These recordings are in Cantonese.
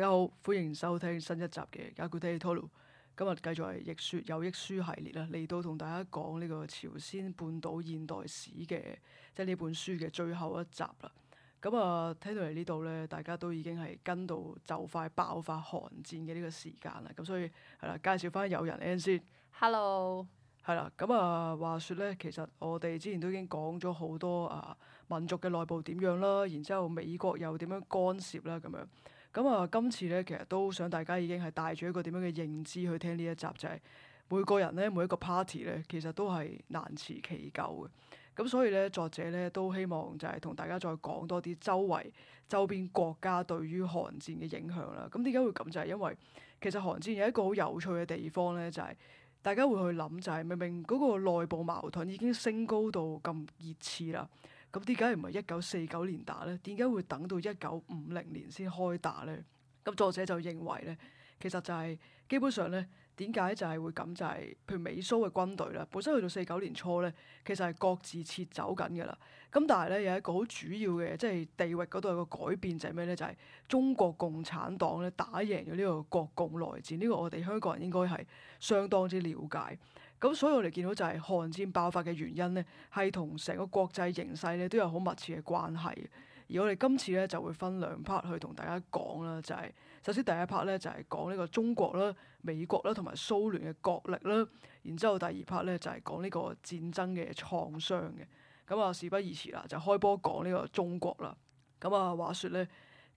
大家好，歡迎收聽新一集嘅《解故 Tato》。今日繼續係逆說有益書系列啦，嚟到同大家講呢個朝鮮半島現代史嘅，即係呢本書嘅最後一集啦。咁、嗯、啊，聽到嚟呢度咧，大家都已經係跟到就快爆發韓戰嘅呢個時間啦。咁、嗯、所以係啦，介紹翻友人 N 先。Hello，係啦。咁、嗯、啊，話說咧，其實我哋之前都已經講咗好多啊，民族嘅內部點樣啦，然之後美國又點樣干涉啦，咁樣。咁啊、嗯，今次咧，其實都想大家已經係帶住一個點樣嘅認知去聽呢一集，就係、是、每個人咧，每一個 party 咧，其實都係難辭其咎嘅。咁、嗯、所以咧，作者咧都希望就係同大家再講多啲周圍周邊國家對於韓戰嘅影響啦。咁點解會咁？就係因為其實韓戰有一個好有趣嘅地方咧，就係、是、大家會去諗，就係明明嗰個內部矛盾已經升高到咁熱刺啦。咁點解唔係一九四九年打咧？點解會等到一九五零年先開打咧？咁作者就認為咧，其實就係基本上咧，點解就係會咁就係，譬如美蘇嘅軍隊啦，本身去到四九年初咧，其實係各自撤走緊嘅啦。咁但係咧，有一個好主要嘅，即係地域嗰度有個改變就係咩咧？就係中國共產黨咧打贏咗呢個國共內戰。呢個我哋香港人應該係相當之了解。咁所以我哋見到就係韓戰爆發嘅原因咧，係同成個國際形勢咧都有好密切嘅關係。而我哋今次咧就會分兩 part 去同大家講啦，就係、是、首先第一 part 咧就係講呢個中國啦、美國啦同埋蘇聯嘅國力啦，然之後第二 part 咧就係講呢個戰爭嘅創傷嘅。咁、嗯、啊，事不宜遲啦，就開波講呢個中國啦。咁、嗯、啊，話說咧，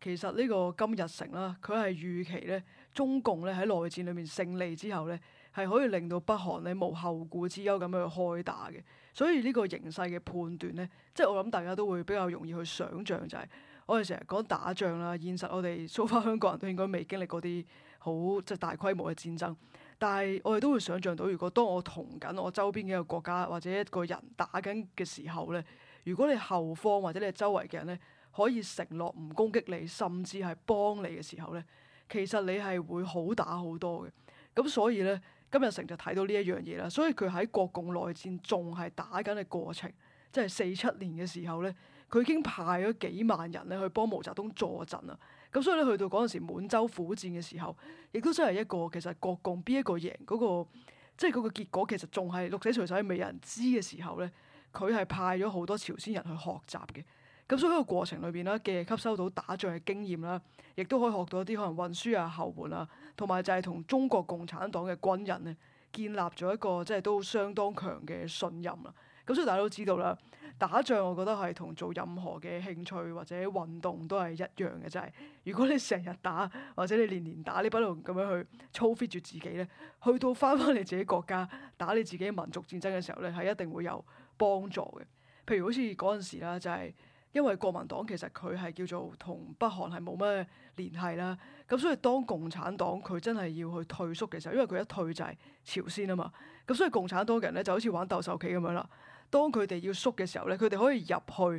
其實呢個金日成啦，佢係預期咧中共咧喺內戰裏面勝利之後咧，係可以令到北韓咧無後顧之憂咁去開打嘅，所以呢個形勢嘅判斷咧，即係我諗大家都會比較容易去想像就係我哋成日講打仗啦，現實我哋蘇方香港人都應該未經歷過啲好即係大規模嘅戰爭，但係我哋都會想像到，如果當我同緊我周邊嘅一個國家或者一個人打緊嘅時候咧，如果你後方或者你周圍嘅人咧可以承諾唔攻擊你，甚至係幫你嘅時候咧，其實你係會好打好多嘅。咁所以咧。今日金日成就睇到呢一樣嘢啦，所以佢喺國共內戰仲係打緊嘅過程，即係四七年嘅時候咧，佢已經派咗幾萬人咧去幫毛澤東坐陣啦。咁所以咧，去到嗰陣時滿洲苦戰嘅時候，亦都真係一個其實國共邊一個贏嗰、那個，即係嗰個結果其實仲係鹿死誰手未人知嘅時候咧，佢係派咗好多朝鮮人去學習嘅。咁所以呢個過程裏邊咧嘅吸收到打仗嘅經驗啦，亦都可以學到一啲可能運輸啊、後援啊，同埋就係同中國共產黨嘅軍人咧建立咗一個即係都相當強嘅信任啦。咁所以大家都知道啦，打仗我覺得係同做任何嘅興趣或者運動都係一樣嘅，就係如果你成日打或者你年年打，你不斷咁樣去操 fit 住自己咧，去到翻返你自己國家打你自己民族戰爭嘅時候咧，係一定會有幫助嘅。譬如好似嗰陣時啦，就係。因為國民黨其實佢係叫做同北韓係冇咩聯繫啦，咁所以當共產黨佢真係要去退縮嘅時候，因為佢一退就係朝鮮啊嘛，咁所以共產黨嘅人咧就好似玩鬥獸棋咁樣啦。當佢哋要縮嘅時候咧，佢哋可以入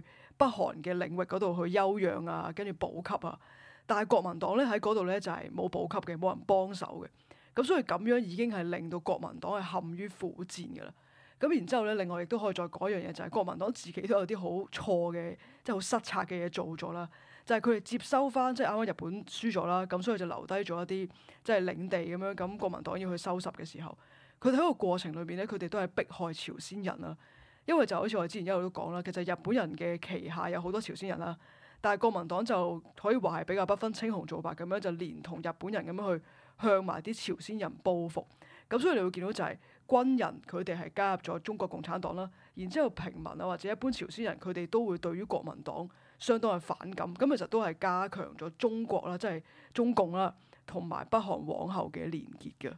去北韓嘅領域嗰度去休養啊，跟住補給啊。但係國民黨咧喺嗰度咧就係冇補給嘅，冇人幫手嘅。咁所以咁樣已經係令到國民黨係陷於苦戰㗎啦。咁然之後咧，另外亦都可以再改一樣嘢，就係、是、國民黨自己都有啲好錯嘅，即係好失策嘅嘢做咗啦。就係佢哋接收返，即係啱啱日本輸咗啦，咁所以就留低咗一啲即係領地咁樣。咁國民黨要去收拾嘅時候，佢哋喺個過程裏邊咧，佢哋都係迫害朝鮮人啊。因為就好似我之前一路都講啦，其實日本人嘅旗下有好多朝鮮人啦，但係國民黨就可以話係比較不分青紅皂白咁樣，就連同日本人咁樣去向埋啲朝鮮人報復。咁所以你會見到就係、是。軍人佢哋係加入咗中國共產黨啦，然之後平民啊或者一般朝鮮人佢哋都會對於國民黨相當嘅反感，咁其實都係加強咗中國啦，即係中共啦，同埋北韓往後嘅連結嘅，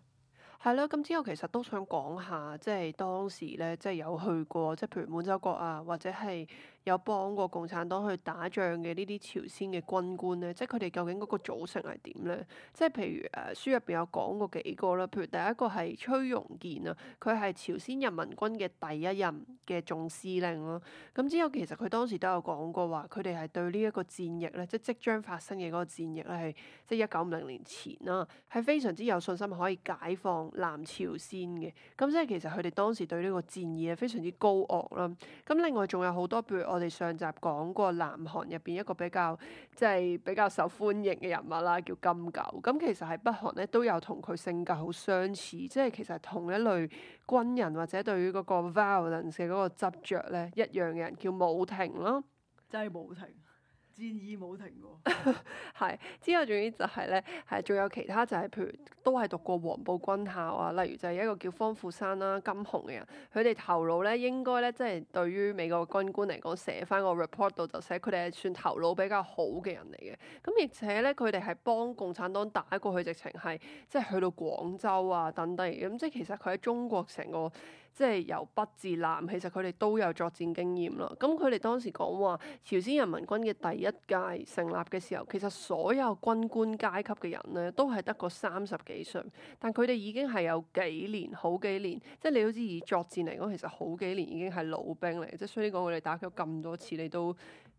係咯。咁之後其實都想講下，即係當時咧，即係有去過，即係譬如滿洲國啊，或者係。有幫過共產黨去打仗嘅呢啲朝鮮嘅軍官咧，即係佢哋究竟嗰個組成係點咧？即係譬如誒、啊、書入邊有講過幾個啦，譬如第一個係崔庸健啊，佢係朝鮮人民軍嘅第一任嘅總司令咯。咁之後其實佢當時都有講過話，佢哋係對呢一個戰役咧，即、就、係、是、即將發生嘅嗰個戰役咧，係即係一九五零年前啦，係非常之有信心可以解放南朝鮮嘅。咁即係其實佢哋當時對呢個戰意係非常之高昂啦。咁另外仲有好多譬如我。我哋上集講過南韓入邊一個比較即係、就是、比較受歡迎嘅人物啦，叫金九。咁、嗯、其實喺北韓咧都有同佢性格好相似，即係其實同一類軍人或者對於嗰個 violence 嘅嗰個執著咧一樣嘅人，叫武廷咯，即係武廷。戰意冇停過， 係之後仲有就係咧，係仲有其他就係，譬如都係讀過黃埔軍校啊，例如就係一個叫方富山啦、啊、金雄嘅人，佢哋頭腦咧應該咧，即、就、係、是、對於美國軍官嚟講，寫翻個 report 度就寫佢哋係算頭腦比較好嘅人嚟嘅。咁而且咧，佢哋係幫共產黨打過去，直情係即係去到廣州啊等等。咁、嗯，即係其實佢喺中國成個。即係由北至南，其實佢哋都有作戰經驗囉。咁佢哋當時講話朝鮮人民軍嘅第一屆成立嘅時候，其實所有軍官階級嘅人咧，都係得個三十幾歲，但佢哋已經係有幾年、好幾年，即係你好似以作戰嚟講，其實好幾年已經係老兵嚟嘅。即係雖然講佢哋打咗咁多次，你都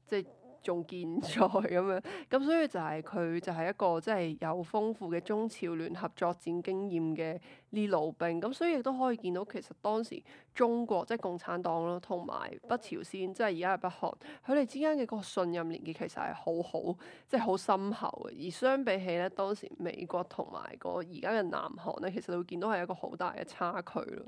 即係。仲健在咁樣，咁所以就係、是、佢就係一個即係、就是、有豐富嘅中朝聯合作戰經驗嘅呢老兵，咁所以亦都可以見到其實當時中國即係、就是、共產黨咯，同埋北朝鮮即係而家係北韓，佢哋之間嘅個信任連結其實係好好，即係好深厚嘅。而相比起咧，當時美國同埋個而家嘅南韓咧，其實你會見到係一個好大嘅差距咯。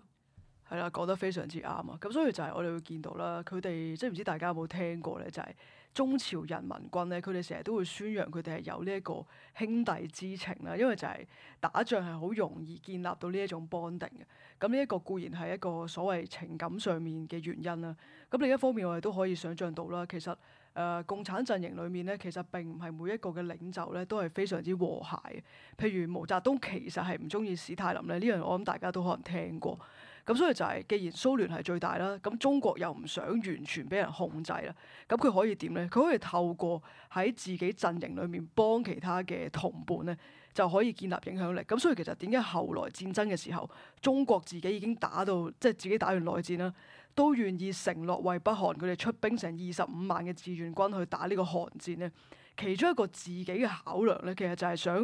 係啦，講得非常之啱啊！咁所以就係我哋會見到啦，佢哋即係唔知大家有冇聽過咧，就係、是。中朝人民軍咧，佢哋成日都會宣揚佢哋係有呢一個兄弟之情啦，因為就係打仗係好容易建立到呢一種 bonding 嘅。咁呢一個固然係一個所謂情感上面嘅原因啦。咁另一方面，我哋都可以想像到啦，其實誒、呃、共產陣營裏面咧，其實並唔係每一個嘅領袖咧都係非常之和諧嘅。譬如毛澤東其實係唔中意史泰林咧，呢樣我諗大家都可能聽過。咁所以就係，既然蘇聯係最大啦，咁中國又唔想完全俾人控制啦，咁佢可以點咧？佢可以透過喺自己陣營裏面幫其他嘅同伴咧，就可以建立影響力。咁所以其實點解後來戰爭嘅時候，中國自己已經打到即係自己打完內戰啦，都願意承諾為北韓佢哋出兵成二十五萬嘅志願軍去打呢個韓戰咧。其中一個自己嘅考量咧，其實就係想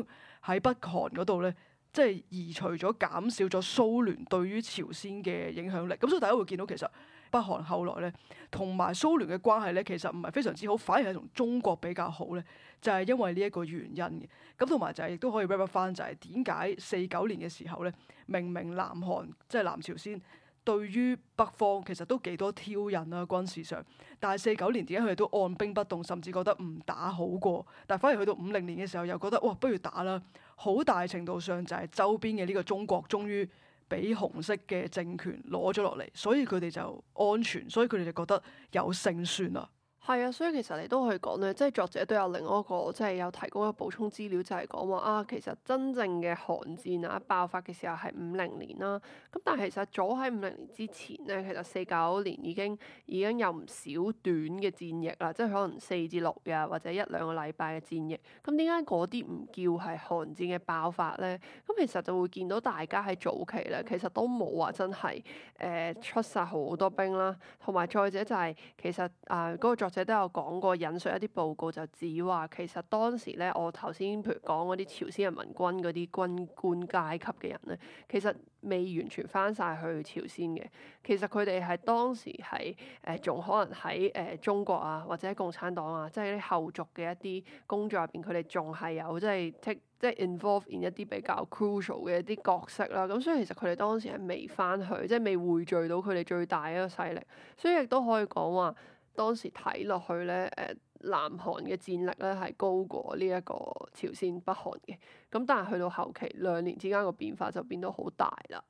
喺北韓嗰度咧。即係移除咗減少咗蘇聯對於朝鮮嘅影響力，咁所以大家會見到其實北韓後來咧，同埋蘇聯嘅關係咧，其實唔係非常之好，反而係同中國比較好咧，就係、是、因為呢一個原因嘅。咁同埋就係亦都可以 wrap 翻，就係點解四九年嘅時候咧，明明南韓即係、就是、南朝鮮。對於北方其實都幾多挑釁啦、啊，軍事上。但係四九年點解佢哋都按兵不動，甚至覺得唔打好過？但係反而去到五零年嘅時候，又覺得哇不如打啦！好大程度上就係周邊嘅呢個中國終於俾紅色嘅政權攞咗落嚟，所以佢哋就安全，所以佢哋就覺得有勝算啦。係啊，所以其實你都可以講咧，即係作者都有另外一個，即係有提供一個補充資料就，就係講話啊，其實真正嘅韓戰啊爆發嘅時候係五零年啦、啊。咁但係其實早喺五零年之前咧，其實四九年已經已經有唔少短嘅戰役啦，即係可能四至六日或者一兩個禮拜嘅戰役。咁點解嗰啲唔叫係韓戰嘅爆發咧？咁其實就會見到大家喺早期咧，其實都冇話真係誒、呃、出晒好多兵啦。同埋再者就係、是、其實啊嗰、呃那個作。者都有講過引述一啲報告就指話，其實當時咧，我頭先譬如講嗰啲朝鮮人民軍嗰啲軍官階級嘅人咧，其實未完全翻晒去朝鮮嘅。其實佢哋係當時係誒仲可能喺誒、呃、中國啊，或者共產黨啊，即係啲後續嘅一啲工作入邊，佢哋仲係有即係、就、即、是、即 involve in 一啲比較 crucial 嘅一啲角色啦。咁所以其實佢哋當時係未翻去，即、就、係、是、未匯聚到佢哋最大一個勢力。所以亦都可以講話，當時睇落去咧，誒、呃、南韓嘅戰力咧係高過呢一個朝鮮北韓嘅，咁但係去到後期兩年之間個變化就變到好大啦。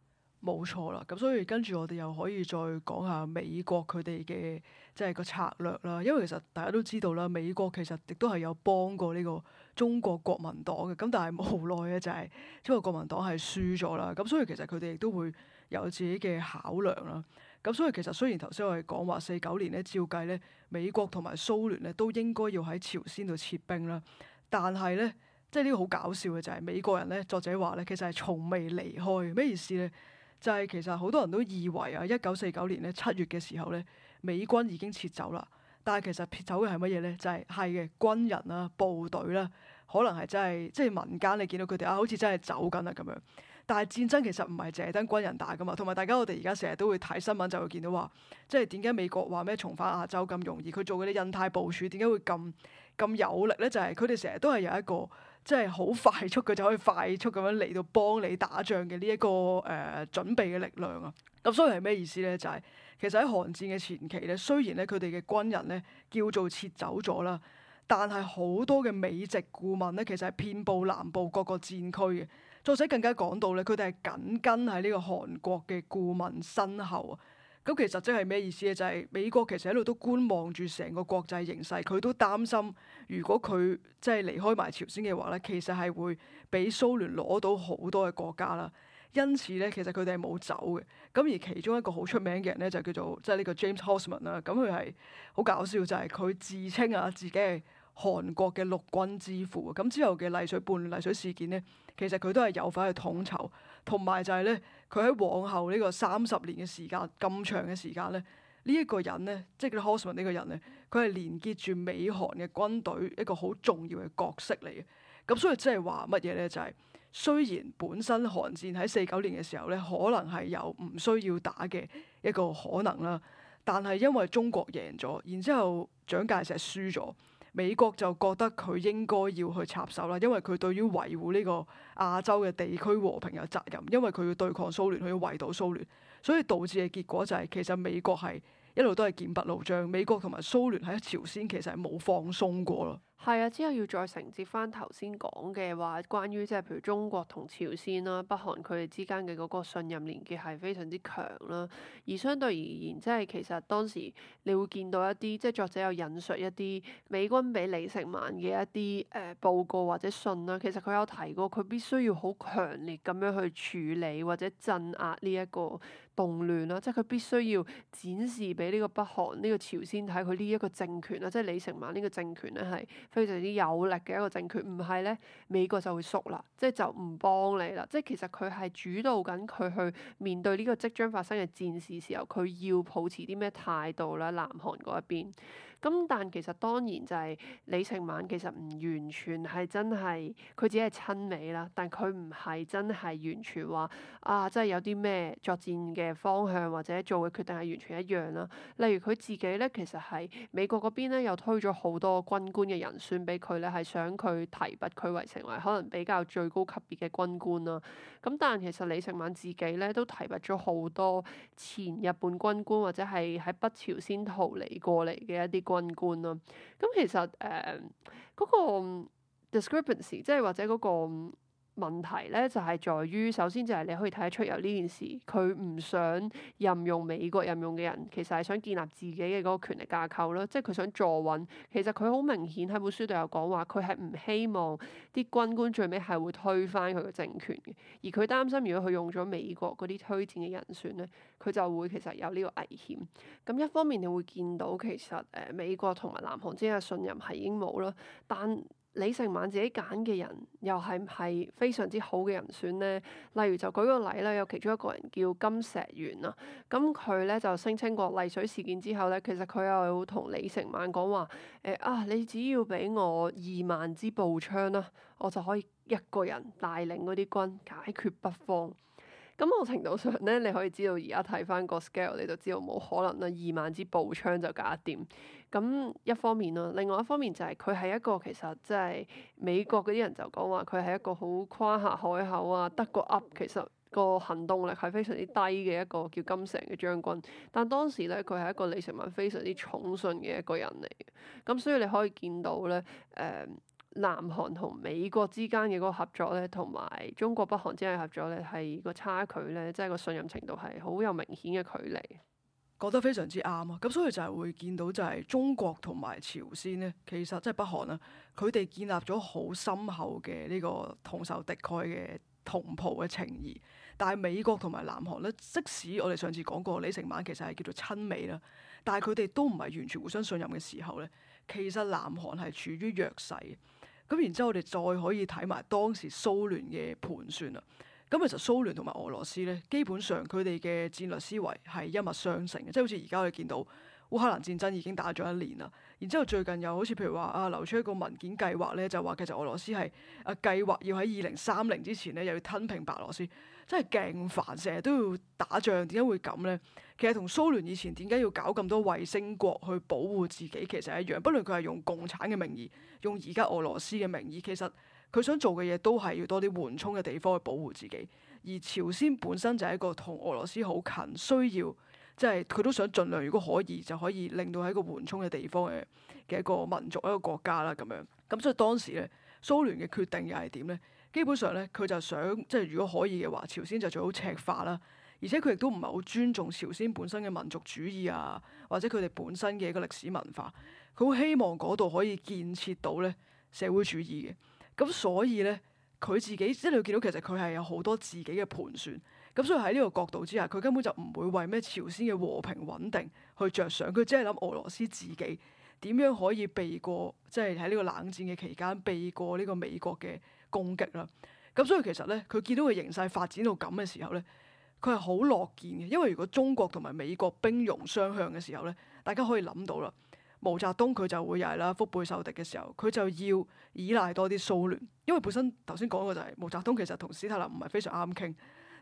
冇錯啦，咁所以跟住我哋又可以再講下美國佢哋嘅即係個策略啦，因為其實大家都知道啦，美國其實亦都係有幫過呢個中國國民黨嘅，咁但係無奈呢就係中國國民黨係輸咗啦，咁所以其實佢哋亦都會有自己嘅考量啦。咁所以其實雖然頭先我哋講話四九年咧照計咧，美國同埋蘇聯咧都應該要喺朝鮮度撤兵啦。但係咧，即係呢個好搞笑嘅就係、是、美國人咧，作者話咧其實係從未離開。咩意思咧？就係、是、其實好多人都以為啊，一九四九年咧七月嘅時候咧，美軍已經撤走啦。但係其實撤走嘅係乜嘢咧？就係係嘅軍人啊、部隊啦、啊，可能係真係即係民間你見到佢哋啊，好似真係走緊啦咁樣。但係戰爭其實唔係淨係等軍人打㗎嘛，同埋大家我哋而家成日都會睇新聞，就會見到話，即係點解美國話咩重返亞洲咁容易？佢做嗰啲印太部署點解會咁咁有力咧？就係佢哋成日都係有一個即係好快速佢就可以快速咁樣嚟到幫你打仗嘅呢一個誒、呃、準備嘅力量啊。咁所以係咩意思咧？就係、是、其實喺韓戰嘅前期咧，雖然咧佢哋嘅軍人咧叫做撤走咗啦，但係好多嘅美籍顧問咧，其實係遍佈南部各個戰區嘅。作者更加講到咧，佢哋係緊跟喺呢個韓國嘅顧問身後。咁其實即係咩意思咧？就係美國其實喺度都觀望住成個國際形勢，佢都擔心如果佢即係離開埋朝鮮嘅話咧，其實係會俾蘇聯攞到好多嘅國家啦。因此咧，其實佢哋係冇走嘅。咁而其中一個好出名嘅人咧，就叫做即係呢個 James Hosman 啦。咁佢係好搞笑，就係佢自稱啊自己係韓國嘅陸軍之父。咁之後嘅麗水叛亂，麗水事件咧。其實佢都係有份去統籌，同埋就係咧，佢喺往後呢個三十年嘅時間，咁長嘅時間咧，呢一個人咧，即係 Hausman 呢個人咧，佢係連結住美韓嘅軍隊一個好重要嘅角色嚟嘅。咁所以即係話乜嘢咧？就係、是、雖然本身韓戰喺四九年嘅時候咧，可能係有唔需要打嘅一個可能啦，但係因為中國贏咗，然之後蔣介石輸咗。美國就覺得佢應該要去插手啦，因為佢對於維護呢個亞洲嘅地區和平有責任，因為佢要對抗蘇聯，佢要圍堵蘇聯，所以導致嘅結果就係、是、其實美國係一路都係劍拔弩張，美國同埋蘇聯喺朝鮮其實係冇放鬆過咯。係啊，之後要再承接翻頭先講嘅話，關於即係譬如中國同朝鮮啦、北韓佢哋之間嘅嗰個信任連結係非常之強啦。而相對而言，即係其實當時你會見到一啲，即係作者有引述一啲美軍俾李承晚嘅一啲誒、呃、報告或者信啦。其實佢有提過，佢必須要好強烈咁樣去處理或者鎮壓呢一個動亂啦。即係佢必須要展示俾呢個北韓呢個朝鮮睇佢呢一個政權啦，即係李承晚呢個政權咧係非常之有力嘅一個政權，唔係咧，美國就會縮啦，即係就唔幫你啦。即係其實佢係主導緊佢去面對呢個即將發生嘅戰事時候，佢要抱持啲咩態度啦？南韓嗰一邊。咁但其實當然就係李承晚其實唔完全係真係佢只係親美啦，但佢唔係真係完全話啊，真係有啲咩作戰嘅方向或者做嘅決定係完全一樣啦。例如佢自己咧，其實係美國嗰邊咧又推咗好多軍官嘅人選俾佢咧，係想佢提拔佢為成為可能比較最高級別嘅軍官啦。咁但其實李承晚自己咧都提拔咗好多前日本軍官或者係喺北朝鮮逃離過嚟嘅一啲軍官咯、啊，咁、嗯、其實誒，嗰、uh, 那個、um, description 即係或者嗰、那個。Um, 問題咧就係在於，首先就係你可以睇得出由呢件事，佢唔想任用美國任用嘅人，其實係想建立自己嘅嗰個權力架構咯，即係佢想坐穩。其實佢好明顯喺本書度有講話，佢係唔希望啲軍官最尾係會推翻佢嘅政權嘅，而佢擔心如果佢用咗美國嗰啲推薦嘅人選咧，佢就會其實有呢個危險。咁一方面你會見到其實誒美國同埋南韓之間嘅信任係已經冇啦，但李承晚自己揀嘅人，又係唔係非常之好嘅人選咧？例如就舉個例啦，有其中一個人叫金石元啊。咁佢咧就聲稱過麗水事件之後咧，其實佢又同李承晚講話，誒、欸、啊，你只要俾我二萬支步槍啦，我就可以一個人帶領嗰啲軍解決北方。咁某程度上咧，你可以知道而家睇翻個 scale，你就知道冇可能啦，二萬支步槍就搞得掂。咁一方面啦，另外一方面就係佢係一個其實即係美國嗰啲人就講話，佢係一個好誇下海口啊，得個 up 其實個行動力係非常之低嘅一個叫金城嘅將軍。但當時咧，佢係一個李承晚非常之寵信嘅一個人嚟。咁所以你可以見到咧，誒、呃。南韓同美國之間嘅嗰個合作咧，同埋中國北韓之間嘅合作咧，係個差距咧，即係個信任程度係好有明顯嘅距離。覺得非常之啱啊！咁所以就係會見到就係中國同埋朝鮮咧，其實即係北韓啊，佢哋建立咗好深厚嘅呢個同仇敵愾嘅同袍嘅情義。但係美國同埋南韓咧，即使我哋上次講過李承晚其實係叫做親美啦，但係佢哋都唔係完全互相信任嘅時候咧，其實南韓係處於弱勢。咁然之後，我哋再可以睇埋當時蘇聯嘅盤算啦。咁其實蘇聯同埋俄羅斯咧，基本上佢哋嘅戰略思維係一脈相承嘅，即係好似而家我哋見到烏克蘭戰爭已經打咗一年啦。然之後最近又好似譬如話啊，流出一個文件計劃咧，就話其實俄羅斯係啊計劃要喺二零三零之前咧，又要吞併白俄羅斯，真係勁煩，成日都要打仗，點解會咁咧？其實同蘇聯以前點解要搞咁多衛星國去保護自己其實一樣，不論佢係用共產嘅名義，用而家俄羅斯嘅名義，其實佢想做嘅嘢都係要多啲緩衝嘅地方去保護自己。而朝鮮本身就係一個同俄羅斯好近，需要。即係佢都想盡量，如果可以，就可以令到喺一個緩衝嘅地方嘅嘅一個民族一個國家啦咁樣。咁所以當時咧，蘇聯嘅決定又係點咧？基本上咧，佢就想即係如果可以嘅話，朝鮮就最好赤化啦。而且佢亦都唔係好尊重朝鮮本身嘅民族主義啊，或者佢哋本身嘅一個歷史文化。佢好希望嗰度可以建設到咧社會主義嘅。咁所以咧，佢自己即係你會見到其實佢係有好多自己嘅盤算。咁所以喺呢個角度之下，佢根本就唔會為咩朝鮮嘅和平穩定去着想，佢只係諗俄羅斯自己點樣可以避過，即係喺呢個冷戰嘅期間避過呢個美國嘅攻擊啦。咁所以其實咧，佢見到個形勢發展到咁嘅時候咧，佢係好樂見嘅，因為如果中國同埋美國兵戎相向嘅時候咧，大家可以諗到啦，毛澤東佢就會係啦腹背受敵嘅時候，佢就要依賴多啲蘇聯，因為本身頭先講過就係、是、毛澤東其實同史太林唔係非常啱傾。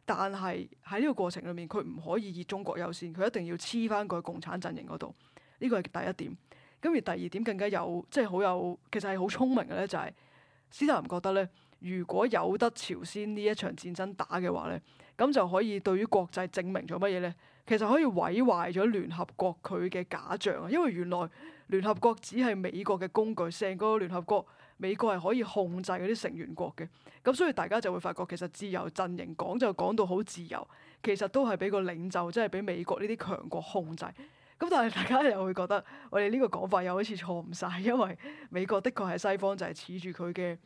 但係喺呢個過程裏面，佢唔可以以中國優先，佢一定要黐翻個共產陣營嗰度。呢個係第一點。咁而第二點更加有，即係好有，其實係好聰明嘅咧、就係，就係斯大林覺得咧，如果有得朝鮮呢一場戰爭打嘅話咧，咁就可以對於國際證明咗乜嘢咧？其實可以毀壞咗聯合國佢嘅假象啊！因為原來聯合國只係美國嘅工具，成個聯合國。美國係可以控制嗰啲成員國嘅，咁所以大家就會發覺其實自由陣營講就講到好自由，其實都係俾個領袖，即係俾美國呢啲強國控制。咁但係大家又會覺得我哋呢個講法又好似錯唔晒，因為美國的確係西方就係恃住佢嘅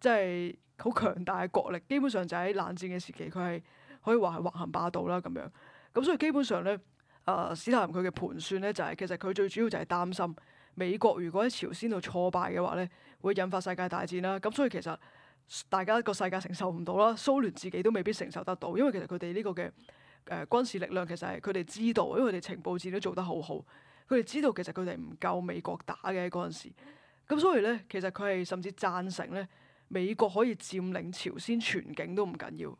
即係好強大嘅國力，基本上就喺冷戰嘅時期，佢係可以話係橫行霸道啦咁樣。咁所以基本上咧，啊史太林佢嘅盤算咧就係、是、其實佢最主要就係擔心美國如果喺朝鮮度挫敗嘅話咧。會引發世界大戰啦，咁所以其實大家個世界承受唔到啦，蘇聯自己都未必承受得到，因為其實佢哋呢個嘅誒、呃、軍事力量其實係佢哋知道，因為佢哋情報戰都做得好好，佢哋知道其實佢哋唔夠美國打嘅嗰陣時，咁所以咧其實佢係甚至贊成咧美國可以佔領朝鮮全境都唔緊要。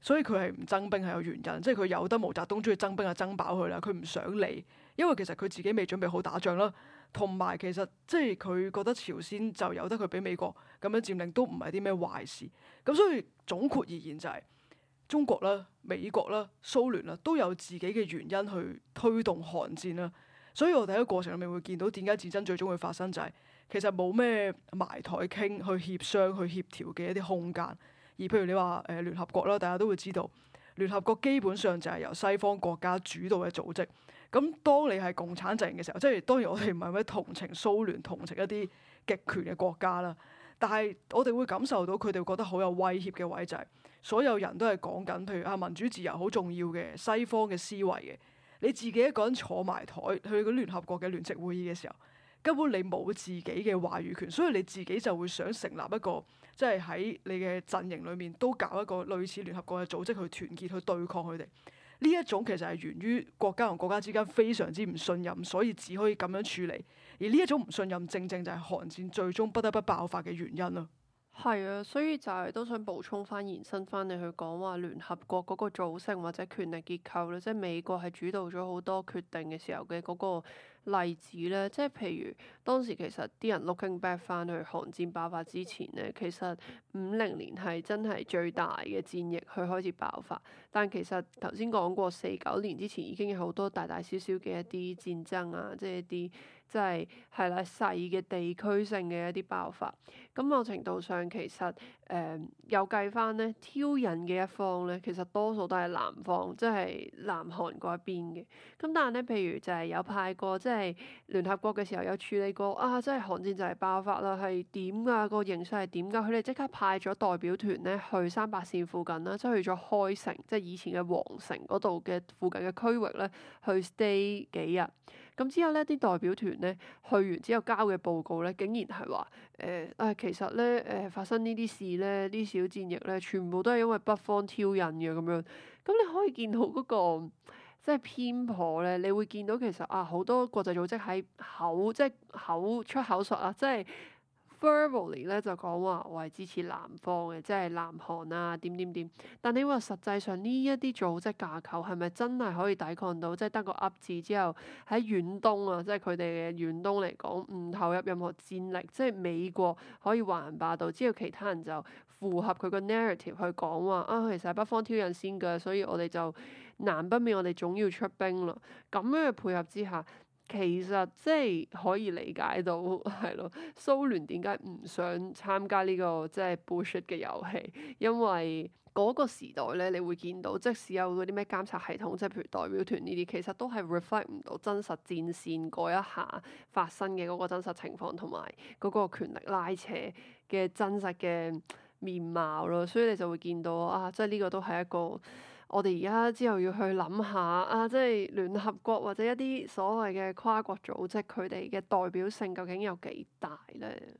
所以佢係唔增兵係有原因，即係佢有得毛澤東中意增兵就增飽佢啦，佢唔想理，因為其實佢自己未準備好打仗啦，同埋其實即係佢覺得朝鮮就有得佢俾美國咁樣佔領都唔係啲咩壞事，咁所以總括而言就係、是、中國啦、美國啦、蘇聯啦都有自己嘅原因去推動韓戰啦，所以我哋喺個過程裏面會見到點解戰爭最終會發生就係、是、其實冇咩埋台傾去協商去協調嘅一啲空間。而譬如你話誒聯合國啦，大家都會知道聯合國基本上就係由西方國家主導嘅組織。咁當你係共產陣營嘅時候，即係當然我哋唔係咩同情蘇聯、同情一啲極權嘅國家啦。但係我哋會感受到佢哋覺得好有威脅嘅位就係、是、所有人都係講緊譬如啊民主自由好重要嘅西方嘅思維嘅。你自己一個人坐埋台去嗰聯合國嘅聯席會議嘅時候，根本你冇自己嘅話語權，所以你自己就會想成立一個。即係喺你嘅陣營裏面都搞一個類似聯合國嘅組織去團結，去對抗佢哋，呢一種其實係源於國家同國家之間非常之唔信任，所以只可以咁樣處理。而呢一種唔信任，正正就係韓戰最終不得不爆發嘅原因啦。係啊，所以就係都想補充返、延伸返你去講話聯合國嗰個組成或者權力結構咧，即係美國係主導咗好多決定嘅時候嘅嗰個。例子咧，即係譬如當時其實啲人 looking back 翻去韓戰爆發之前咧，其實五零年係真係最大嘅戰役佢開始爆發，但其實頭先講過四九年之前已經有好多大大小小嘅一啲戰爭啊，即係一啲。即係係啦，細嘅地區性嘅一啲爆發，咁某程度上其實誒有、呃、計翻咧，挑釁嘅一方咧，其實多數都係南方，即係南韓嗰一邊嘅。咁但係咧，譬如就係有派過，即係聯合國嘅時候有處理過啊，即係韓戰就係爆發啦，係點㗎？那個形勢係點㗎？佢哋即刻派咗代表團咧去三八線附近啦，即係去咗開城，即係以前嘅皇城嗰度嘅附近嘅區域咧去 stay 幾日。咁之後咧，啲代表團咧去完之後交嘅報告咧，竟然係話誒啊，其實咧誒、呃、發生呢啲事咧，啲小戰役咧，全部都係因為北方挑釁嘅咁樣。咁你可以見到嗰、嗰個即係偏頗咧，你會見到其實啊，好多國際組織喺口即係口出口術啊，即係。verbally 咧就講話我係支持南方嘅，即係南韓啊點點點。但你話實際上呢一啲組織架構係咪真係可以抵抗到？即係得個噏字之後喺遠東啊，即係佢哋嘅遠東嚟講，唔投入任何戰力，即係美國可以橫行霸道，之後其他人就符合佢個 narrative 去講話啊，其實係北方挑釁先嘅，所以我哋就難不免我哋總要出兵啦。咁樣嘅配合之下。其實即係可以理解到，係咯，蘇聯點解唔想參加呢個即係 bullshit 嘅遊戲？因為嗰個時代咧，你會見到即使有嗰啲咩監察系統，即係譬如代表團呢啲，其實都係 reflect 唔到真實戰線嗰一下發生嘅嗰個真實情況同埋嗰個權力拉扯嘅真實嘅面貌咯。所以你就會見到啊，即係呢個都係一個。我哋而家之後要去諗下啊，即係聯合國或者一啲所謂嘅跨國組織，佢哋嘅代表性究竟有幾大咧？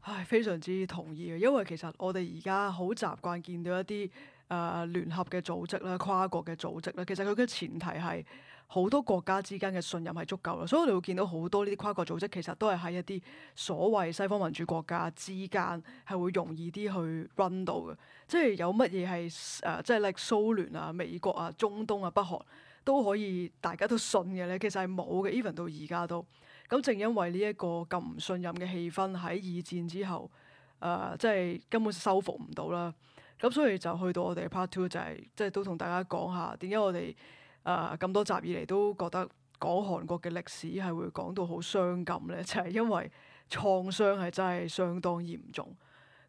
唉，非常之同意嘅，因為其實我哋而家好習慣見到一啲誒、呃、聯合嘅組織啦、跨國嘅組織啦，其實佢嘅前提係。好多國家之間嘅信任係足夠啦，所以我哋會見到好多呢啲跨國組織其實都係喺一啲所謂西方民主國家之間係會容易啲去 run 到嘅，即係有乜嘢係誒，即係例如蘇聯啊、美國啊、中東啊、北韓都可以大家都信嘅咧，其實係冇嘅，even 到而家都。咁正因為呢一個咁唔信任嘅氣氛喺二戰之後誒、呃，即係根本收復唔到啦。咁所以就去到我哋 part two 就係、係、即係都同大家講下點解我哋。誒咁、啊、多集以嚟都覺得講韓國嘅歷史係會講到好傷感咧，就係、是、因為創傷係真係相當嚴重。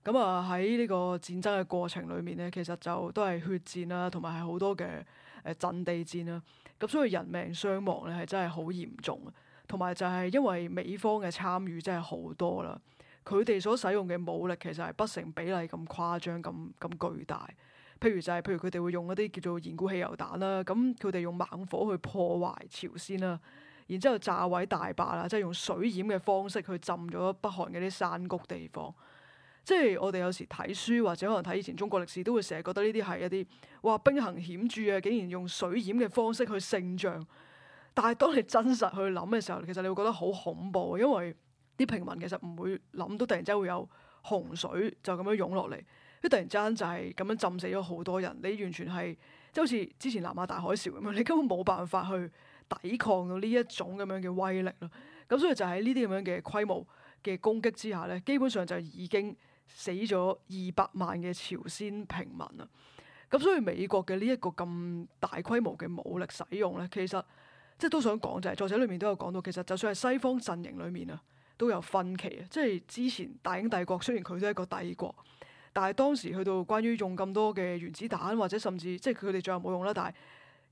咁啊喺呢個戰爭嘅過程裏面咧，其實就都係血戰啦、啊，同埋係好多嘅誒、呃、陣地戰啦、啊。咁所以人命傷亡咧係真係好嚴重，同埋就係因為美方嘅參與真係好多啦，佢哋所使用嘅武力其實係不成比例咁誇張、咁咁巨大。譬如就係、是，譬如佢哋會用一啲叫做凝固汽油彈啦，咁佢哋用猛火去破壞朝鮮啦，然之後炸毀大壩啦，即係用水淹嘅方式去浸咗北韓嘅啲山谷地方。即係我哋有時睇書或者可能睇以前中國歷史，都會成日覺得呢啲係一啲話兵行險著啊，竟然用水淹嘅方式去勝仗。但係當你真實去諗嘅時候，其實你會覺得好恐怖，因為啲平民其實唔會諗到突然之間會有洪水就咁樣湧落嚟。佢突然之間就係咁樣浸死咗好多人，你完全係即係好似之前南亞大海嘯咁，你根本冇辦法去抵抗到呢一種咁樣嘅威力咯。咁所以就喺呢啲咁樣嘅規模嘅攻擊之下咧，基本上就已經死咗二百萬嘅朝鮮平民啦。咁所以美國嘅呢一個咁大規模嘅武力使用咧，其實即係都想講就係作者裏面都有講到，其實就算係西方陣營裏面啊，都有分歧啊。即係之前大英帝國雖然佢都係一個帝國。但係當時去到關於用咁多嘅原子彈，或者甚至即係佢哋最後冇用啦。但係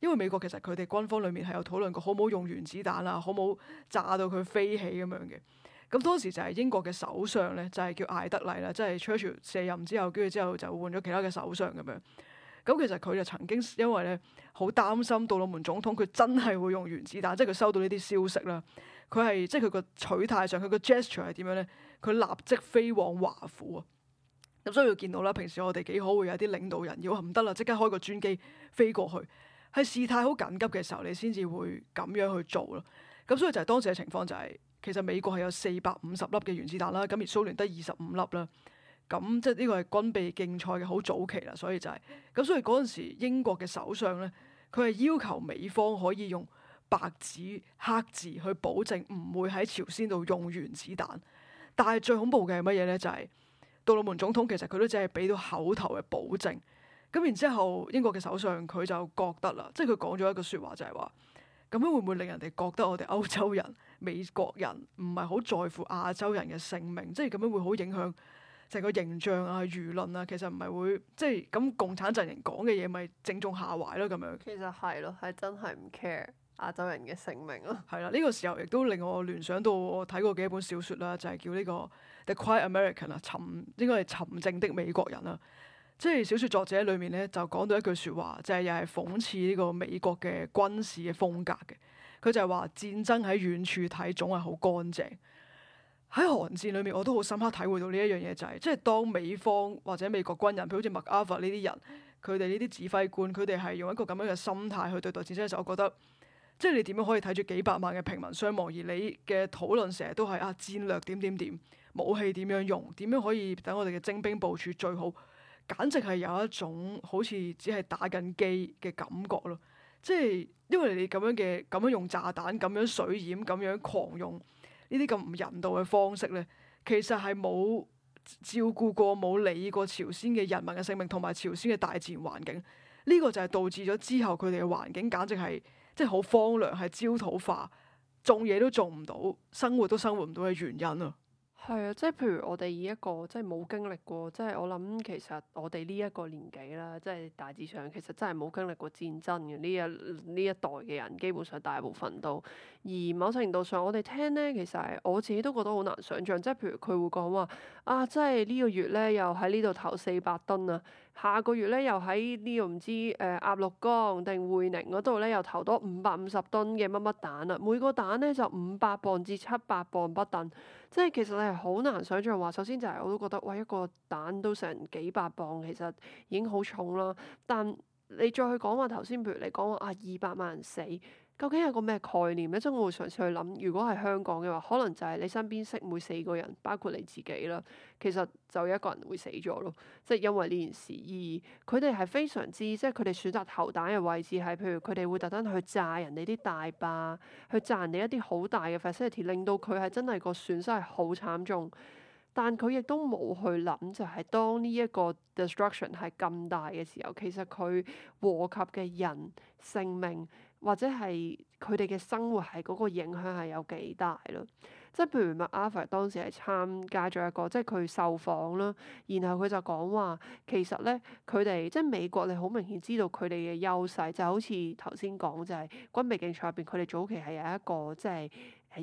因為美國其實佢哋軍方裡面係有討論過，好唔好用原子彈啊，好唔好炸到佢飛起咁樣嘅。咁當時就係英國嘅首相咧，就係、是、叫艾德麗啦，即係 Churchill 卸任之後，跟住之後就換咗其他嘅首相咁樣。咁其實佢就曾經因為咧好擔心杜魯門總統佢真係會用原子彈，即係佢收到呢啲消息啦。佢係即係佢個取態上，佢個 gesture 係點樣咧？佢立即飛往華府啊！咁所以要見到啦，平時我哋幾好會有啲領導人要，如果唔得啦，即刻開個專機飛過去，係事態好緊急嘅時候，你先至會咁樣去做咯。咁所以就係當時嘅情況就係、是，其實美國係有四百五十粒嘅原子彈啦，咁而蘇聯得二十五粒啦。咁即係呢個係軍備競賽嘅好早期啦，所以就係、是、咁。所以嗰陣時英國嘅首相咧，佢係要求美方可以用白紙黑字去保證唔會喺朝鮮度用原子彈。但係最恐怖嘅係乜嘢咧？就係、是。杜魯門總統其實佢都只係俾到口頭嘅保證，咁然之後英國嘅首相佢就覺得啦，即係佢講咗一句説話就係話，咁樣會唔會令人哋覺得我哋歐洲人、美國人唔係好在乎亞洲人嘅性命，即係咁樣會好影響成個形象啊、輿論啊，其實唔係會，即係咁，共產陣營講嘅嘢咪正中下懷咯，咁樣。其實係咯，係真係唔 care。亞洲人嘅性命咯，係啦。呢個時候亦都令我聯想到我睇過幾本小説啦，就係叫呢個《The Quiet American》啦，沉應該係沉靜的美國人啦。即係小説作者裏面咧，就講到一句説話，就係又係諷刺呢個美國嘅軍事嘅風格嘅。佢就係話戰爭喺遠處睇總係好乾淨。喺韓戰裏面，我都好深刻體會到呢一樣嘢，就係即係當美方或者美國軍人，譬如好似麥阿瑟呢啲人，佢哋呢啲指揮官，佢哋係用一個咁樣嘅心態去對待戰爭嘅時候，我覺得。.即係你點樣可以睇住幾百萬嘅平民傷亡，而你嘅討論成日都係啊戰略點點點，武器點樣用，點樣可以等我哋嘅精兵部署最好？簡直係有一種好似只係打緊機嘅感覺咯。即係因為你咁樣嘅咁樣用炸彈，咁樣水淹、咁樣狂用呢啲咁唔人道嘅方式咧，其實係冇照顧過冇理過朝鮮嘅人民嘅性命同埋朝鮮嘅大自然環境。呢個就係導致咗之後佢哋嘅環境簡直係。即係好荒涼，係焦土化，種嘢都種唔到，生活都生活唔到嘅原因啊！係啊，即係譬如我哋以一個即係冇經歷過，即係我諗其實我哋呢一個年紀啦，即係大致上其實真係冇經歷過戰爭嘅呢一呢一代嘅人，基本上大部分都。而某程度上，我哋聽咧，其實我自己都覺得好難想像。即係譬如佢會講話啊，即係呢個月咧又喺呢度投四百噸啊。下個月咧又喺呢度唔知誒、呃、鴨綠江定會寧嗰度咧又投多五百五十噸嘅乜乜彈啦，每個彈咧就五百磅至七百磅不等，即係其實你係好難想象話。首先就係我都覺得，哇一個彈都成幾百磅，其實已經好重啦。但你再去講話頭先，譬如你講話啊二百萬人死。究竟係個咩概念咧？即我會嘗試去諗，如果係香港嘅話，可能就係你身邊識每四個人，包括你自己啦。其實就有一個人會死咗咯，即係因為呢件事。而佢哋係非常之，即係佢哋選擇投彈嘅位置係，譬如佢哋會特登去炸人哋啲大壩，去炸人哋一啲好大嘅 facility，令到佢係真係個損失係好慘重。但佢亦都冇去諗，就係當呢一個 destruction 係咁大嘅時候，其實佢禍及嘅人性命。或者係佢哋嘅生活係嗰個影響係有幾大咯？即係譬如麥克阿瑟當時係參加咗一個，即係佢受訪啦，然後佢就講話其實咧，佢哋即係美國，你好明顯知道佢哋嘅優勢，就好似頭先講，就係軍備競賽入邊，佢哋早期係有一個即係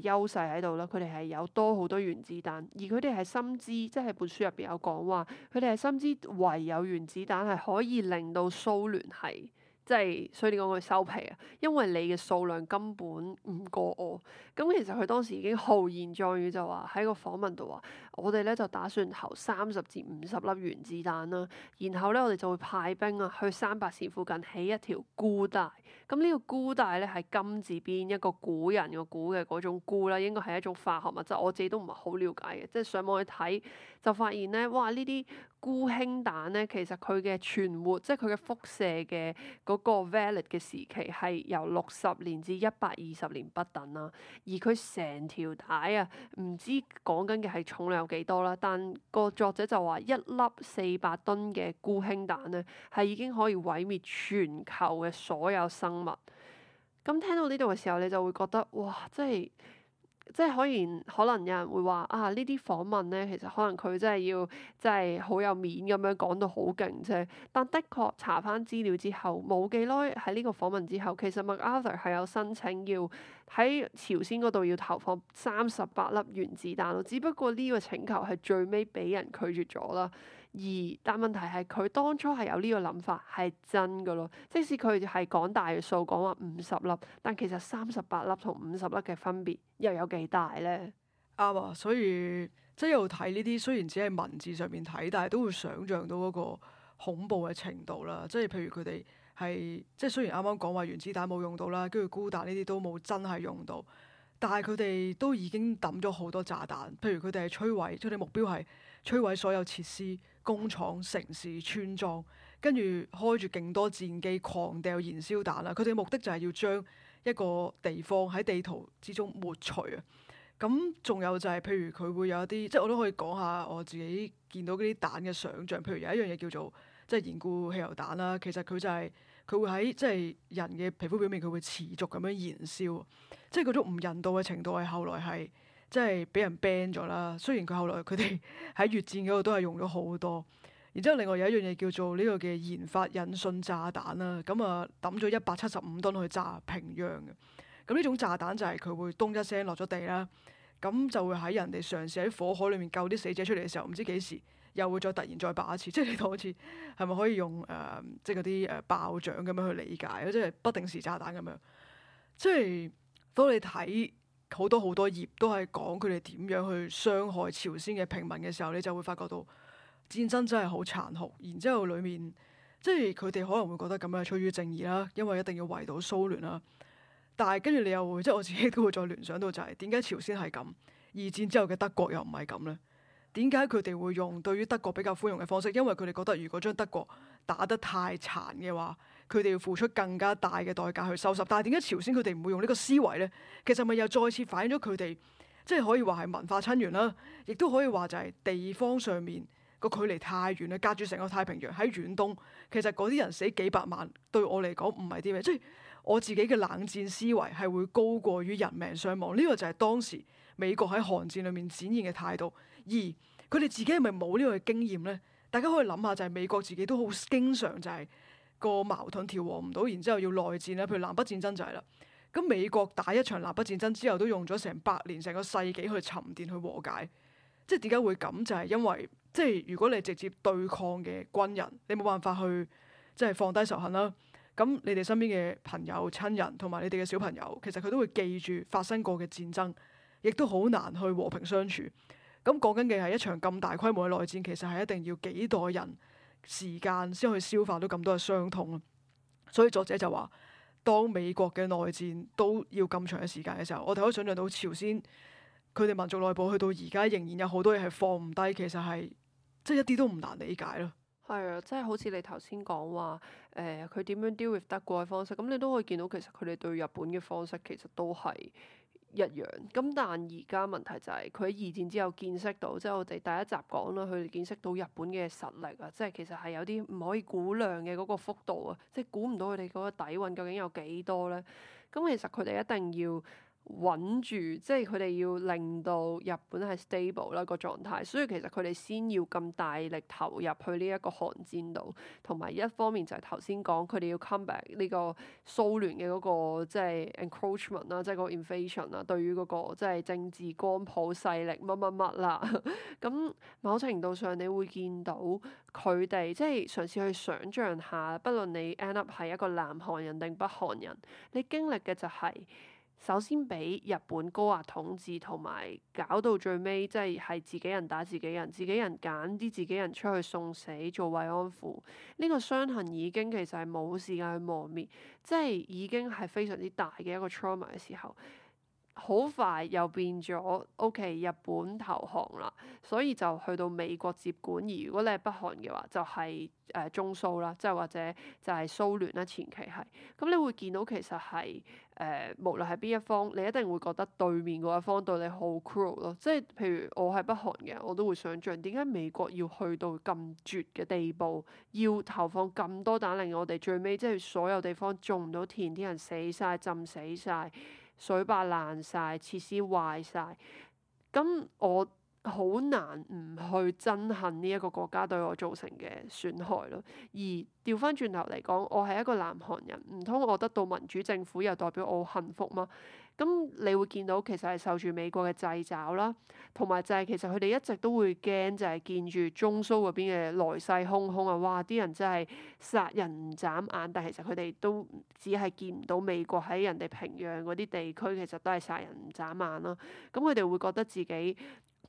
優勢喺度啦。佢哋係有多好多原子彈，而佢哋係深知，即係本書入邊有講話，佢哋係深知唯有原子彈係可以令到蘇聯係。即係所以你講句收皮啊！因為你嘅數量根本唔過我，咁其實佢當時已經豪言壯語就話喺個訪問度話，我哋咧就打算投三十至五十粒原子彈啦，然後咧我哋就會派兵啊去三八線附近起一條鈷帶。咁呢個鈷帶咧係金字邊一個古人個古嘅嗰種鈷啦，應該係一種化學物質，我自己都唔係好了解嘅，即係上網去睇就發現咧，哇呢啲～鈷氫彈咧，其實佢嘅存活，即係佢嘅輻射嘅嗰個 valid 嘅時期，係由六十年至一百二十年不等啦。而佢成條帶啊，唔知講緊嘅係重量有幾多啦，但個作者就話一粒四百噸嘅鈷氫彈咧，係已經可以毀滅全球嘅所有生物。咁聽到呢度嘅時候，你就會覺得哇，真係～即係可能可能有人會話啊，呢啲訪問咧，其實可能佢真係要真係好有面咁樣講到好勁啫。但的確查返資料之後，冇幾耐喺呢個訪問之後，其實 MacArthur 係有申請要。喺朝鮮嗰度要投放三十八粒原子彈咯，只不過呢個請求係最尾俾人拒絕咗啦。而但問題係佢當初係有呢個諗法係真㗎咯，即使佢係講大數講話五十粒，但其實三十八粒同五十粒嘅分別又有幾大咧？啱啊，所以即係有睇呢啲，雖然只係文字上面睇，但係都會想像到嗰個恐怖嘅程度啦。即係譬如佢哋。係即係雖然啱啱講話原子彈冇用到啦，跟住孤彈呢啲都冇真係用到，但係佢哋都已經抌咗好多炸彈。譬如佢哋係摧毀，佢哋目標係摧毀所有設施、工廠、城市、村莊，跟住開住勁多戰機狂掉燃燒彈啦。佢哋目的就係要將一個地方喺地圖之中抹除啊。咁仲有就係譬如佢會有一啲，即係我都可以講下我自己見到嗰啲彈嘅想象。譬如有一樣嘢叫做即係凝固汽油彈啦，其實佢就係、是。佢會喺即係人嘅皮膚表面，佢會持續咁樣燃燒，即係嗰種唔人道嘅程度係後來係即係俾人 ban 咗啦。雖然佢後來佢哋喺越戰嗰度都係用咗好多。然之後另外有一樣嘢叫做呢個嘅研發引信炸彈啦。咁啊抌咗一百七十五噸去炸平壤嘅。咁呢種炸彈就係佢會咚一聲落咗地啦。咁就會喺人哋嘗試喺火海裡面救啲死者出嚟嘅時候，唔知幾時。又會再突然再爆一次，即係你好似，次係咪可以用誒、呃，即係嗰啲誒爆仗咁樣去理解，即係不定時炸彈咁樣。即係當你睇好多好多頁都係講佢哋點樣去傷害朝鮮嘅平民嘅時候，你就會發覺到戰爭真係好殘酷。然之後裡面即係佢哋可能會覺得咁樣係出於正義啦，因為一定要圍堵蘇聯啦。但係跟住你又會即係我自己都會再聯想到就係點解朝鮮係咁？二戰之後嘅德國又唔係咁咧。點解佢哋會用對於德國比較寬容嘅方式？因為佢哋覺得如果將德國打得太殘嘅話，佢哋要付出更加大嘅代價去收拾。但係點解朝鮮佢哋唔會用呢個思維呢？其實咪又再次反映咗佢哋，即係可以話係文化親緣啦，亦都可以話就係地方上面個距離太遠啦，隔住成個太平洋喺遠東。其實嗰啲人死幾百萬對我嚟講唔係啲咩，即係我自己嘅冷戰思維係會高過於人命傷亡。呢個就係當時美國喺韓戰裏面展現嘅態度。二佢哋自己係咪冇呢個經驗呢？大家可以諗下，就係美國自己都好經常就係個矛盾調和唔到，然之後要內戰啦。譬如南北戰爭就係啦。咁美國打一場南北戰爭之後，都用咗成百年、成個世紀去沉澱、去和解。即係點解會咁？就係因為即係如果你直接對抗嘅軍人，你冇辦法去即係放低仇恨啦。咁你哋身邊嘅朋友、親人同埋你哋嘅小朋友，其實佢都會記住發生過嘅戰爭，亦都好難去和平相處。咁講緊嘅係一場咁大規模嘅內戰，其實係一定要幾代人時間先去消化到咁多嘅傷痛。所以作者就話，當美國嘅內戰都要咁長嘅時間嘅時候，我哋可以想像到朝鮮佢哋民族內部去到而家仍然有好多嘢係放唔低，其實係即係一啲都唔難理解咯。係啊，即係好似你頭先講話，誒佢點樣 deal with 德國嘅方式，咁你都可以見到其實佢哋對日本嘅方式其實都係。一樣咁，但而家問題就係佢喺二戰之後見識到，即係我哋第一集講啦，佢哋見識到日本嘅實力啊，即係其實係有啲唔可以估量嘅嗰個幅度啊，即係估唔到佢哋嗰個底蘊究竟有幾多咧。咁其實佢哋一定要。穩住，即係佢哋要令到日本係 stable 啦個狀態，所以其實佢哋先要咁大力投入去呢一個寒戰度，同埋一方面就係頭先講佢哋要 come back 呢個蘇聯嘅嗰個即係 encroachment 啦，即係個 invasion 啦，對於嗰個即係政治光譜勢力乜乜乜啦。咁某程度上，你會見到佢哋即係嘗試去想像下，不論你 end up 係一個南韓人定北韓人，你經歷嘅就係。首先俾日本高壓統治，同埋搞到最尾，即係係自己人打自己人，自己人揀啲自己人出去送死做慰安婦。呢、這個傷痕已經其實係冇時間去磨滅，即係已經係非常之大嘅一個 trauma 嘅時候。好快又變咗，OK，日本投降啦，所以就去到美國接管。而如果你係北韓嘅話，就係、是、誒、呃、中蘇啦，即係或者就係蘇聯啦。前期係咁，你會見到其實係。誒、呃，無論係邊一方，你一定會覺得對面嗰一方對你好 cruel 咯。即係譬如我係北韓嘅，我都會想像點解美國要去到咁絕嘅地步，要投放咁多彈，令我哋最尾即係所有地方種唔到田，啲人死晒，浸死晒，水壩爛晒，設施壞晒。咁我好難唔去憎恨呢一個國家對我造成嘅損害咯。而調返轉頭嚟講，我係一個南韓人，唔通我得到民主政府，又代表我幸福嗎？咁你會見到其實係受住美國嘅掣肘啦，同埋就係其實佢哋一直都會驚，就係見住中蘇嗰邊嘅來勢洶洶啊！哇，啲人真係殺人唔眨眼，但其實佢哋都只係見唔到美國喺人哋平壤嗰啲地區，其實都係殺人唔眨眼咯。咁佢哋會覺得自己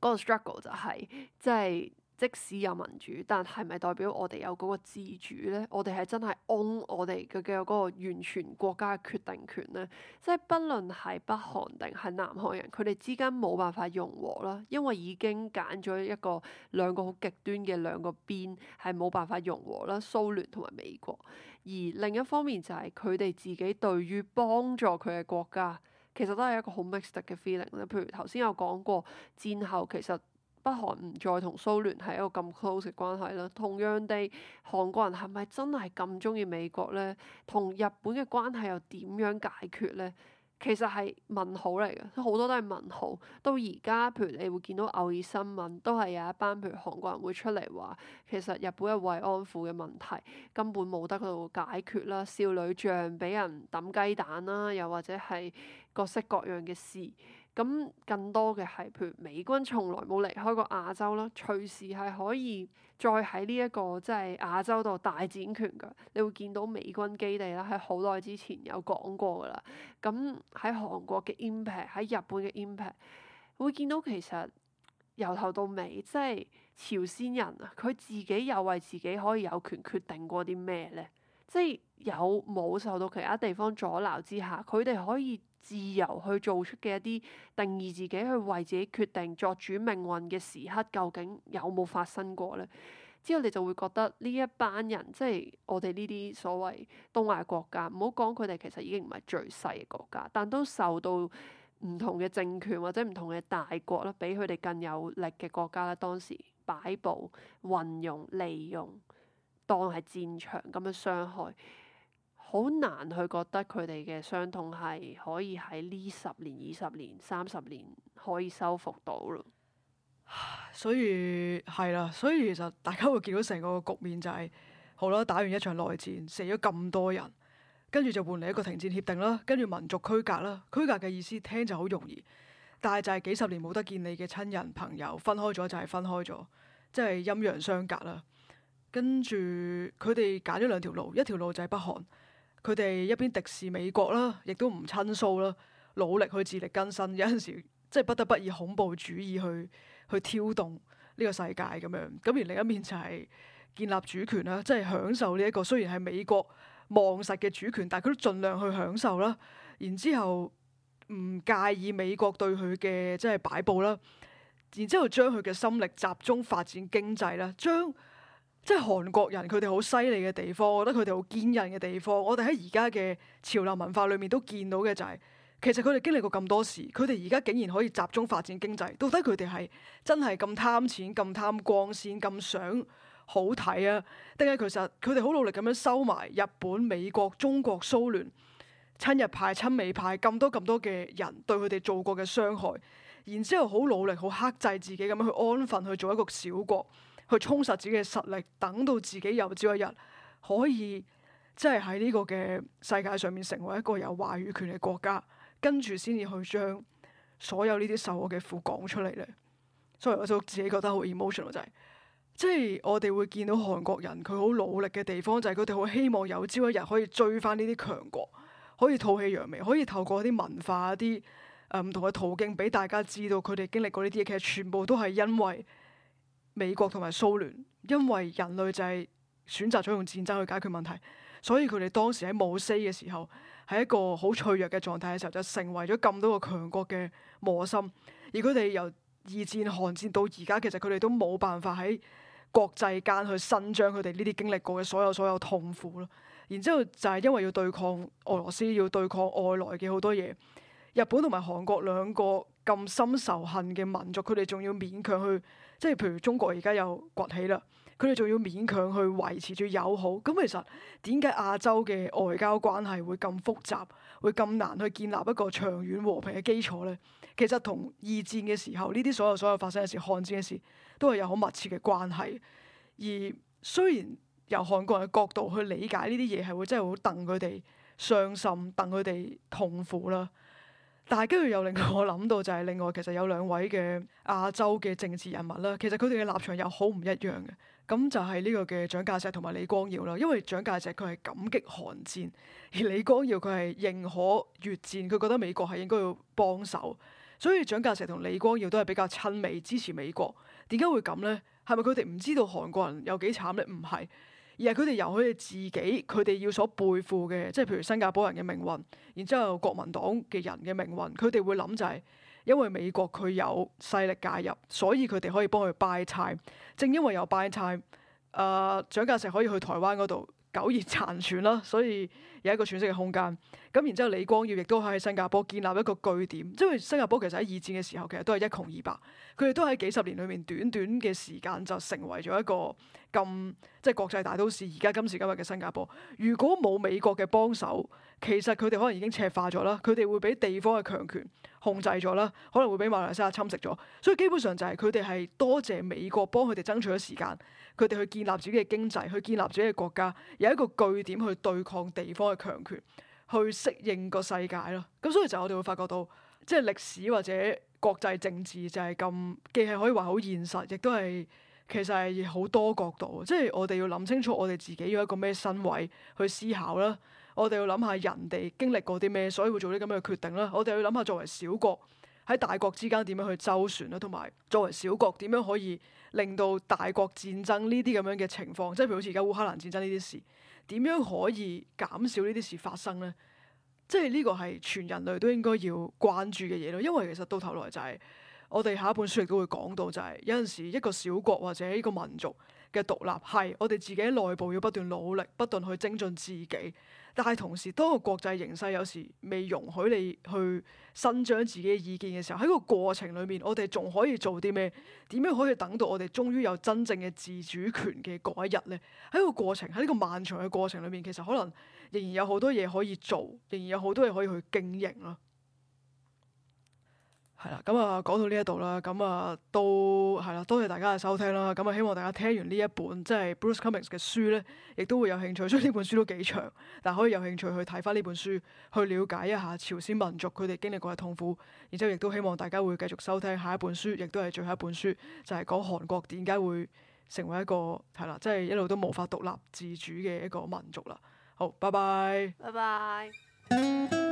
嗰個 struggle 就係即係即使有民主，但係咪代表我哋有嗰個自主咧？我哋係真係 own 我哋嘅嘅嗰個完全國家決定權咧？即係，不論係北韓定係南韓人，佢哋之間冇辦法融合啦，因為已經揀咗一個兩個好極端嘅兩個邊係冇辦法融合啦。蘇聯同埋美國，而另一方面就係佢哋自己對於幫助佢嘅國家。其實都係一個好 mixed 嘅 feeling 咧。譬如頭先有講過戰後其實北韓唔再同蘇聯係一個咁 close 嘅關係啦。同樣地，韓國人係咪真係咁鍾意美國咧？同日本嘅關係又點樣解決咧？其實係問號嚟嘅，好多都係問號。到而家，譬如你會見到偶爾新聞，都係有一班譬如韓國人會出嚟話，其實日本嘅慰安婦嘅問題根本冇得到解決啦，少女像俾人抌雞蛋啦，又或者係各式各樣嘅事。咁更多嘅係譬如美軍從來冇離開過亞洲啦，隨時係可以，再喺呢一個即係、就是、亞洲度大展拳腳噶，你會見到美軍基地啦，喺好耐之前有講過噶啦。咁喺韓國嘅 impact，喺日本嘅 impact，會見到其實由頭到尾，即、就、係、是、朝鮮人啊，佢自己有為自己可以有權決定過啲咩咧？即、就、係、是、有冇受到其他地方阻撓之下，佢哋可以自由去做出嘅一啲定義，自己去為自己決定作主命運嘅時刻，究竟有冇發生過咧？之後，你就會覺得呢一班人，即係我哋呢啲所謂東亞國家，唔好講佢哋其實已經唔係最細嘅國家，但都受到唔同嘅政權或者唔同嘅大國啦，比佢哋更有力嘅國家啦，當時擺布、運用、利用，當係戰場咁樣傷害。好難去覺得佢哋嘅傷痛係可以喺呢十年、二十年、三十年可以修復到咯。所以係啦，所以其實大家會見到成個局面就係好啦，打完一場內戰，死咗咁多人，跟住就換嚟一個停戰協定啦，跟住民族區隔啦。區隔嘅意思聽就好容易，但係就係幾十年冇得見你嘅親人朋友，分開咗就係分開咗，即係陰陽相隔啦。跟住佢哋揀咗兩條路，一條路就係北韓。佢哋一邊敵視美國啦，亦都唔親蘇啦，努力去自力更生。有陣時即係不得不以恐怖主義去去挑動呢個世界咁樣。咁而另一面就係建立主權啦，即係享受呢一個雖然係美國望實嘅主權，但係佢都盡量去享受啦。然之後唔介意美國對佢嘅即係擺佈啦。然之後將佢嘅心力集中發展經濟啦，將。即係韓國人，佢哋好犀利嘅地方，我覺得佢哋好堅韌嘅地方。我哋喺而家嘅潮流文化裏面都見到嘅就係、是，其實佢哋經歷過咁多事，佢哋而家竟然可以集中發展經濟，到底佢哋係真係咁貪錢、咁貪光鮮、咁想好睇啊？定係其實佢哋好努力咁樣收埋日本、美國、中國、蘇聯、親日派、親美派咁多咁多嘅人對佢哋做過嘅傷害，然之後好努力、好克制自己咁樣去安分去做一個小國。去充實自己嘅實力，等到自己有朝一日可以即係喺呢個嘅世界上面成為一個有話語權嘅國家，跟住先至去將所有呢啲受過嘅苦講出嚟咧。所以我就自己覺得好 emotional 就係，即係我哋會見到韓國人佢好努力嘅地方，就係佢哋好希望有朝一日可以追翻呢啲強國，可以吐氣揚眉，可以透過一啲文化、一啲誒唔同嘅途徑，俾大家知道佢哋經歷過呢啲嘢，其實全部都係因為。美國同埋蘇聯，因為人類就係選擇咗用戰爭去解決問題，所以佢哋當時喺冇西嘅時候，係一個好脆弱嘅狀態嘅時候，就成為咗咁多個強國嘅磨心。而佢哋由二戰、韓戰到而家，其實佢哋都冇辦法喺國際間去伸張佢哋呢啲經歷過嘅所有所有痛苦咯。然之後就係因為要對抗俄羅斯，要對抗外來嘅好多嘢，日本同埋韓國兩個咁深仇恨嘅民族，佢哋仲要勉強去。即係譬如中國而家又崛起啦，佢哋仲要勉強去維持住友好。咁其實點解亞洲嘅外交關係會咁複雜，會咁難去建立一個長遠和平嘅基礎咧？其實同二戰嘅時候呢啲所有所有發生嘅事、韓戰嘅事，都係有好密切嘅關係。而雖然由韓國人嘅角度去理解呢啲嘢，係會真係好戥佢哋傷心、戥佢哋痛苦啦。但係跟住又令我諗到就係另外其實有兩位嘅亞洲嘅政治人物啦，其實佢哋嘅立場又好唔一樣嘅。咁就係呢個嘅蔣介石同埋李光耀啦。因為蔣介石佢係感激韓戰，而李光耀佢係認可越戰，佢覺得美國係應該要幫手。所以蔣介石同李光耀都係比較親美、支持美國。點解會咁呢？係咪佢哋唔知道韓國人有幾慘呢？唔係。而係佢哋由佢哋自己，佢哋要所背負嘅，即係譬如新加坡人嘅命運，然之後國民黨嘅人嘅命運，佢哋會諗就係、是，因為美國佢有勢力介入，所以佢哋可以幫佢 buy time，正因為有 buy time，啊、呃、蔣介石可以去台灣嗰度。苟延殘存啦，所以有一個喘息嘅空間。咁然之後，李光耀亦都喺新加坡建立一個據點，因為新加坡其實喺二戰嘅時候其實都係一窮二白，佢哋都喺幾十年裏面短短嘅時間就成為咗一個咁即係國際大都市。而家今時今日嘅新加坡，如果冇美國嘅幫手，其實佢哋可能已經赤化咗啦，佢哋會俾地方嘅強權控制咗啦，可能會俾馬來西亞侵蝕咗，所以基本上就係佢哋係多謝美國幫佢哋爭取咗時間，佢哋去建立自己嘅經濟，去建立自己嘅國家，有一個據點去對抗地方嘅強權，去適應個世界咯。咁所以就我哋會發覺到，即係歷史或者國際政治就係咁，既係可以話好現實，亦都係其實係好多角度，即係我哋要諗清楚我哋自己要一個咩身位去思考啦。我哋要諗下人哋經歷過啲咩，所以會做啲咁樣嘅決定啦。我哋要諗下作為小國喺大國之間點樣去周旋啦，同埋作為小國點樣可以令到大國戰爭呢啲咁樣嘅情況，即係譬如好似而家烏克蘭戰爭呢啲事，點樣可以減少呢啲事發生呢？即係呢個係全人類都應該要關注嘅嘢咯。因為其實到頭來就係、係、我哋下一本書亦都會講到、就係，就係有陣時一個小國或者一個民族嘅獨立，係我哋自己內部要不斷努力，不斷去精進自己。但係同時，當個國際形勢有時未容許你去伸張自己嘅意見嘅時候，喺個過程裏面，我哋仲可以做啲咩？點樣可以等到我哋終於有真正嘅自主權嘅嗰一日咧？喺個過程，喺呢個漫長嘅過程裏面，其實可能仍然有好多嘢可以做，仍然有好多嘢可以去經營啦。係啦，咁啊、嗯，講到呢一度啦，咁、嗯、啊，都係啦，多謝大家嘅收聽啦。咁、嗯、啊，希望大家聽完呢一本即係 Bruce Cummings 嘅書呢，亦都會有興趣。雖然呢本書都幾長，但可以有興趣去睇返呢本書，去了解一下朝鮮民族佢哋經歷過嘅痛苦。然之後亦都希望大家會繼續收聽下一本書，亦都係最後一本書，就係、是、講韓國點解會成為一個係啦，即係一路都無法獨立自主嘅一個民族啦。好，拜拜，拜拜。